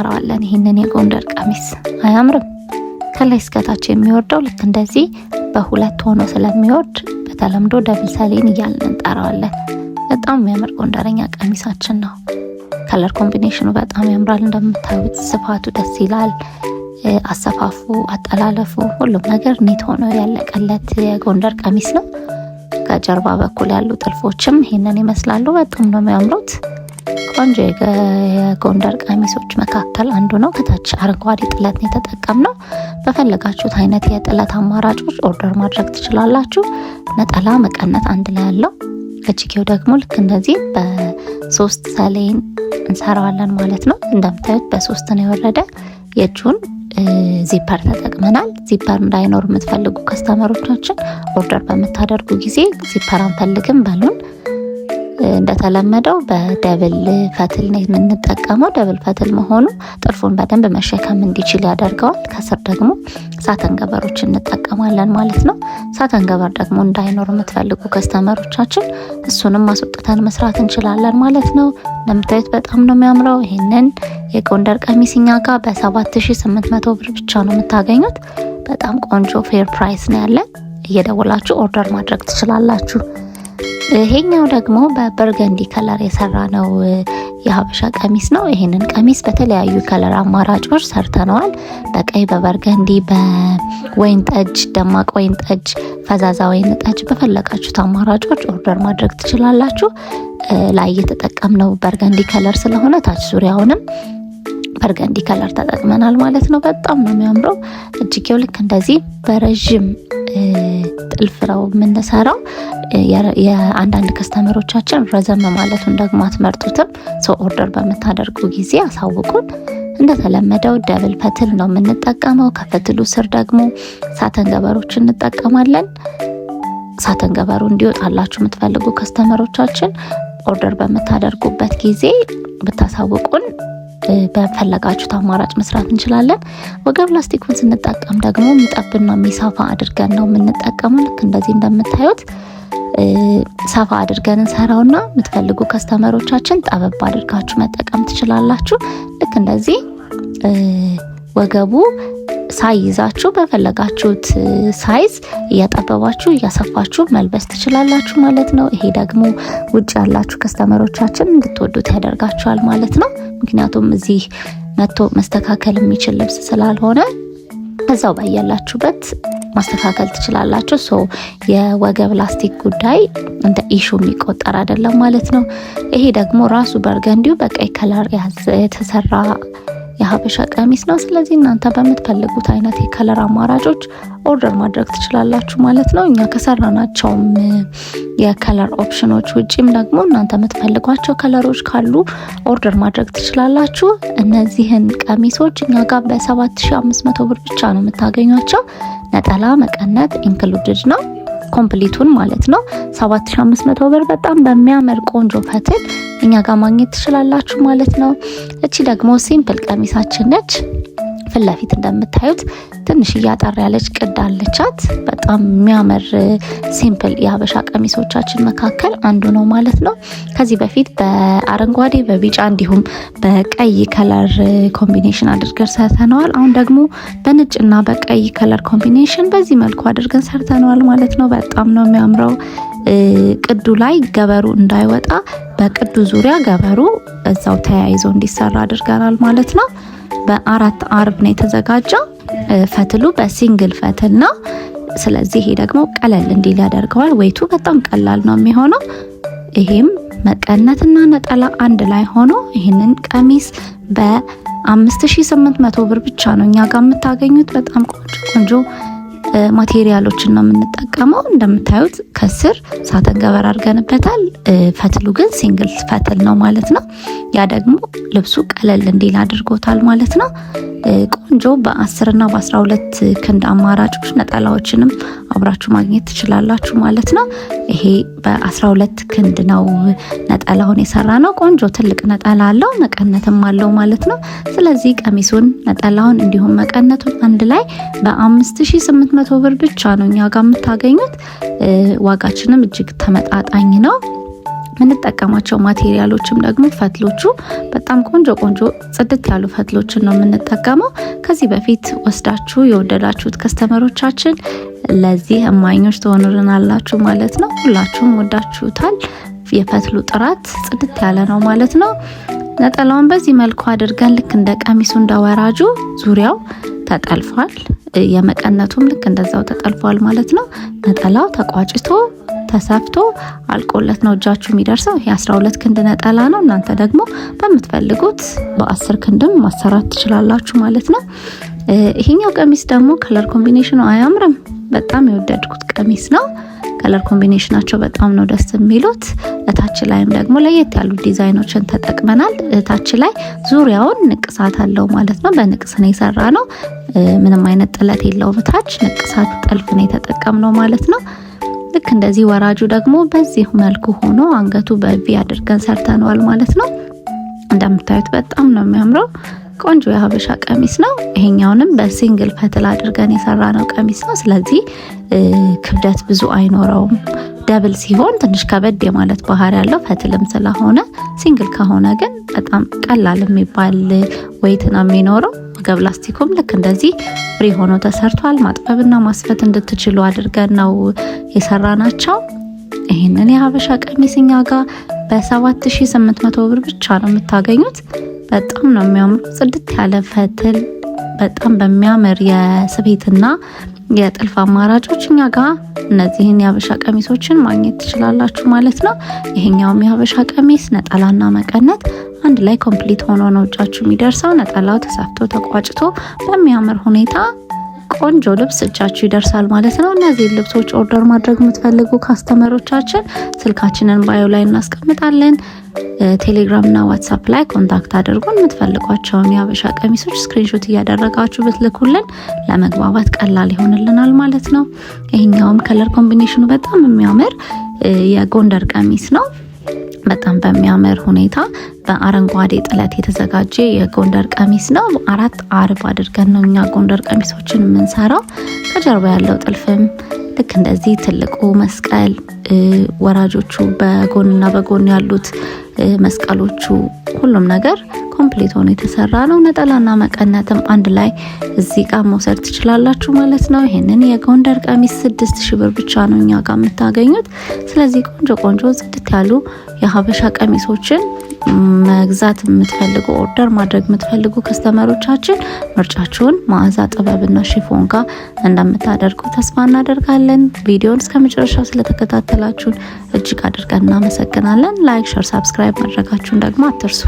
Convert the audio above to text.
እንሰራዋለን። ይህንን የጎንደር ቀሚስ አያምርም? ከላይ እስከታች የሚወርደው ልክ እንደዚህ በሁለት ሆኖ ስለሚወርድ በተለምዶ ደብል ሰሌን እያልን እንጠራዋለን። በጣም የሚያምር ጎንደረኛ ቀሚሳችን ነው። ከለር ኮምቢኔሽኑ በጣም ያምራል። እንደምታዩት ስፋቱ ደስ ይላል። አሰፋፉ፣ አጠላለፉ፣ ሁሉም ነገር ኔት ሆኖ ያለቀለት የጎንደር ቀሚስ ነው። ከጀርባ በኩል ያሉ ጥልፎችም ይህንን ይመስላሉ። በጣም ነው የሚያምሩት። ቆንጆ የጎንደር ቀሚሶች መካከል አንዱ ነው። ከታች አረንጓዴ ጥለት ነው የተጠቀምነው። በፈለጋችሁት አይነት የጥለት አማራጮች ኦርደር ማድረግ ትችላላችሁ። ነጠላ መቀነት አንድ ላይ ያለው እጅጌው ደግሞ ልክ እንደዚህ በሶስት ሰሌን እንሰራዋለን ማለት ነው። እንደምታዩት በሶስት ነው የወረደ። የእጁን ዚፐር ተጠቅመናል። ዚፐር እንዳይኖር የምትፈልጉ ከስተመሮቻችን ኦርደር በምታደርጉ ጊዜ ዚፐር አንፈልግም በሉን። እንደተለመደው በደብል ፈትል ነው የምንጠቀመው። ደብል ፈትል መሆኑ ጥልፉን በደንብ መሸከም እንዲችል ያደርገዋል። ከስር ደግሞ ሳተን ገበሮች እንጠቀማለን ማለት ነው። ሳተን ገበር ደግሞ እንዳይኖር የምትፈልጉ ከስተመሮቻችን እሱንም ማስወጥተን መስራት እንችላለን ማለት ነው። እንደምታዩት በጣም ነው የሚያምረው። ይህንን የጎንደር ቀሚስ እኛ ጋር በ7800 ብር ብቻ ነው የምታገኙት። በጣም ቆንጆ ፌር ፕራይስ ነው ያለን። እየደወላችሁ ኦርደር ማድረግ ትችላላችሁ። ይሄኛው ደግሞ በበርገንዲ ከለር የሰራ ነው የሀበሻ ቀሚስ ነው። ይሄንን ቀሚስ በተለያዩ ከለር አማራጮች ሰርተነዋል። በቀይ፣ በበርገንዲ፣ በወይን ጠጅ፣ ደማቅ ወይን ጠጅ፣ ፈዛዛ ወይን ጠጅ በፈለጋችሁት አማራጮች ኦርደር ማድረግ ትችላላችሁ። ላይ የተጠቀምነው በርገንዲ ከለር ስለሆነ ታች ዙሪያውንም በርገንዲ ከለር ተጠቅመናል ማለት ነው። በጣም ነው የሚያምረው። እጅጌው ልክ እንደዚህ በረዥም ጥልፍ ነው የምንሰራው። የአንዳንድ ከስተመሮቻችን ረዘም ማለቱን ደግሞ አትመርጡትም። ሰው ኦርደር በምታደርጉ ጊዜ አሳውቁን። እንደተለመደው ደብል ፈትል ነው የምንጠቀመው። ከፈትሉ ስር ደግሞ ሳተን ገበሮች እንጠቀማለን። ሳተን ገበሩ እንዲወጣላችሁ የምትፈልጉ ከስተመሮቻችን ኦርደር በምታደርጉበት ጊዜ ብታሳውቁን በፈለጋችሁት አማራጭ መስራት እንችላለን። ወገብ ላስቲኩን ስንጠቀም ደግሞ የሚጠብና የሚሰፋ አድርገን ነው የምንጠቀመው። ልክ እንደዚህ እንደምታዩት ሰፋ አድርገን እንሰራውና የምትፈልጉ ከስተመሮቻችን ጠበብ አድርጋችሁ መጠቀም ትችላላችሁ። ልክ እንደዚህ ወገቡ ሳይዛችሁ በፈለጋችሁት ሳይዝ እያጠበባችሁ እያሰፋችሁ መልበስ ትችላላችሁ ማለት ነው። ይሄ ደግሞ ውጭ ያላችሁ ከስተመሮቻችን እንድትወዱት ያደርጋችኋል ማለት ነው። ምክንያቱም እዚህ መጥቶ መስተካከል የሚችል ልብስ ስላልሆነ ከዛው ባያላችሁበት ማስተካከል ትችላላችሁ። ሶ የወገብ ላስቲክ ጉዳይ እንደ ኢሹ የሚቆጠር አይደለም ማለት ነው። ይሄ ደግሞ ራሱ በርገንዲው በቀይ ከለር የተሰራ የሀበሻ ቀሚስ ነው። ስለዚህ እናንተ በምትፈልጉት አይነት የከለር አማራጮች ኦርደር ማድረግ ትችላላችሁ ማለት ነው። እኛ ከሰራናቸውም የከለር ኦፕሽኖች ውጪም ደግሞ እናንተ የምትፈልጓቸው ከለሮች ካሉ ኦርደር ማድረግ ትችላላችሁ። እነዚህን ቀሚሶች እኛ ጋር በ7500 ብር ብቻ ነው የምታገኟቸው። ነጠላ መቀነት ኢንክሉድድ ነው። ኮምፕሊቱን ማለት ነው 7500 ብር በጣም በሚያምር ቆንጆ ፈትል እኛ ጋር ማግኘት ትችላላችሁ ማለት ነው። እቺ ደግሞ ሲምፕል ቀሚሳችን ነች። ፊት ለፊት እንደምታዩት ትንሽ እያጠር ያለች ቅድ አለቻት። በጣም የሚያምር ሲምፕል የሀበሻ ቀሚሶቻችን መካከል አንዱ ነው ማለት ነው። ከዚህ በፊት በአረንጓዴ በቢጫ እንዲሁም በቀይ ከለር ኮምቢኔሽን አድርገን ሰርተነዋል። አሁን ደግሞ በነጭና በቀይ ከለር ኮምቢኔሽን በዚህ መልኩ አድርገን ሰርተነዋል ማለት ነው። በጣም ነው የሚያምረው። ቅዱ ላይ ገበሩ እንዳይወጣ በቅዱ ዙሪያ ገበሩ እዛው ተያይዞ እንዲሰራ አድርገናል ማለት ነው። በአራት አርብ ነው የተዘጋጀው። ፈትሉ በሲንግል ፈትል ነው። ስለዚህ ይሄ ደግሞ ቀለል እንዲል ያደርገዋል። ወይቱ በጣም ቀላል ነው የሚሆነው። ይሄም መቀነትና ነጠላ አንድ ላይ ሆኖ ይህንን ቀሚስ በ 5800 ብር ብቻ ነው እኛ ጋር የምታገኙት። በጣም ቆንጆ ቆንጆ ማቴሪያሎችን ነው የምንጠቀመው። እንደምታዩት ከስር ሳተን ገበር አድርገንበታል። ፈትሉ ግን ሲንግል ፈትል ነው ማለት ነው። ያ ደግሞ ልብሱ ቀለል እንዲል አድርጎታል ማለት ነው። ቆንጆ በ10 እና በ ክንድ አማራጮች ነጠላዎችንም አብራችሁ ማግኘት ትችላላችሁ ማለት ነው። ይሄ በ12 ክንድ ነው ነጠላውን የሰራ ነው። ቆንጆ ትልቅ ነጠላ አለው መቀነትም አለው ማለት ነው። ስለዚህ ቀሚሱን፣ ነጠላውን እንዲሁም መቀነቱን አንድ ላይ በ5800 መቶ ብር ብቻ ነው እኛ ጋር የምታገኙት። ዋጋችንም እጅግ ተመጣጣኝ ነው። የምንጠቀማቸው ማቴሪያሎችም ደግሞ ፈትሎቹ በጣም ቆንጆ ቆንጆ ጽድት ያሉ ፈትሎችን ነው የምንጠቀመው። ከዚህ በፊት ወስዳችሁ የወደዳችሁት ከስተመሮቻችን ለዚህ እማኞች ትሆኑልናላችሁ ማለት ነው። ሁላችሁም ወዳችሁታል። የፈትሉ ጥራት ጽድት ያለ ነው ማለት ነው። ነጠላውን በዚህ መልኩ አድርገን ልክ እንደ ቀሚሱ እንደ ወራጁ ዙሪያው ተጠልፏል። የመቀነቱም ልክ እንደዛው ተጠልፏል ማለት ነው። ነጠላው ተቋጭቶ ተሰፍቶ አልቆለት ነው እጃችሁ የሚደርሰው። ይሄ 12 ክንድ ነጠላ ነው። እናንተ ደግሞ በምትፈልጉት በአስር ክንድም ማሰራት ትችላላችሁ ማለት ነው። ይሄኛው ቀሚስ ደግሞ ከለር ኮምቢኔሽኑ አያምርም? በጣም የወደድኩት ቀሚስ ነው። ከለር ኮምቢኔሽናቸው በጣም ነው ደስ የሚሉት። እታች ላይም ደግሞ ለየት ያሉ ዲዛይኖችን ተጠቅመናል። እታች ላይ ዙሪያውን ንቅሳት አለው ማለት ነው። በንቅስ ነው የሰራ ነው። ምንም አይነት ጥለት የለውም። እታች ንቅሳት ጥልፍ ነው የተጠቀምነው ማለት ነው። ልክ እንደዚህ ወራጁ ደግሞ በዚህ መልኩ ሆኖ አንገቱ በቪ አድርገን ሰርተነዋል ማለት ነው። እንደምታዩት በጣም ነው የሚያምረው። ቆንጆ የሀበሻ ቀሚስ ነው። ይሄኛውንም በሲንግል ፈትል አድርገን የሰራ ነው ቀሚስ ነው። ስለዚህ ክብደት ብዙ አይኖረውም። ደብል ሲሆን ትንሽ ከበድ የማለት ባህሪ ያለው ፈትልም ስለሆነ፣ ሲንግል ከሆነ ግን በጣም ቀላል የሚባል ወይት ነው የሚኖረው። ወገብ ላስቲኩም ልክ እንደዚህ ፍሪ ሆኖ ተሰርቷል። ማጥበብና ማስፈት እንድትችሉ አድርገን ነው የሰራ ናቸው። ይህንን የሀበሻ ቀሚስ እኛ ጋር በ7800 ብር ብቻ ነው የምታገኙት። በጣም ነው የሚያምሩ ጽድት ያለ ፈትል በጣም በሚያምር የስፌትና የጥልፍ አማራጮች እኛ ጋር እነዚህን የሀበሻ ቀሚሶችን ማግኘት ትችላላችሁ ማለት ነው። ይሄኛውም የሀበሻ ቀሚስ ነጠላና መቀነት አንድ ላይ ኮምፕሊት ሆኖ ነው እጃችሁ የሚደርሰው። ነጠላው ተሰፍቶ ተቋጭቶ በሚያምር ሁኔታ ቆንጆ ልብስ እጃችሁ ይደርሳል ማለት ነው። እነዚህን ልብሶች ኦርደር ማድረግ የምትፈልጉ ካስተመሮቻችን ስልካችንን ባዮ ላይ እናስቀምጣለን። ቴሌግራም እና ዋትሳፕ ላይ ኮንታክት አድርጉን። የምትፈልጓቸውን የሀበሻ ቀሚሶች ስክሪንሾት እያደረጋችሁ ብትልኩልን ለመግባባት ቀላል ይሆንልናል ማለት ነው። ይሄኛውም ከለር ኮምቢኔሽኑ በጣም የሚያምር የጎንደር ቀሚስ ነው። በጣም በሚያምር ሁኔታ በአረንጓዴ ጥለት የተዘጋጀ የጎንደር ቀሚስ ነው። አራት አርብ አድርገን ነው እኛ ጎንደር ቀሚሶችን የምንሰራው። ከጀርባ ያለው ጥልፍም ልክ እንደዚህ ትልቁ መስቀል ወራጆቹ በጎንና በጎን ያሉት መስቀሎቹ ሁሉም ነገር ኮምፕሊት ሆኖ የተሰራ ነው። ነጠላና መቀነትም አንድ ላይ እዚህ ጋር መውሰድ ትችላላችሁ ማለት ነው። ይህንን የጎንደር ቀሚስ ስድስት ሺ ብር ብቻ ነው እኛ ጋር የምታገኙት። ስለዚህ ቆንጆ ቆንጆ ጽድት ያሉ የሀበሻ ቀሚሶችን መግዛት የምትፈልጉ ኦርደር ማድረግ የምትፈልጉ ከስተመሮቻችን ምርጫችሁን መዓዛ ጥበብና ሽፎን ጋር እንደምታደርጉ ተስፋ እናደርጋለን። ቪዲዮን እስከ መጨረሻው ስለተከታተላችሁን እጅግ አድርገን እናመሰግናለን። ላይክ፣ ሸር፣ ሳብስክራይብ ማድረጋችሁን ደግሞ አትርሱ።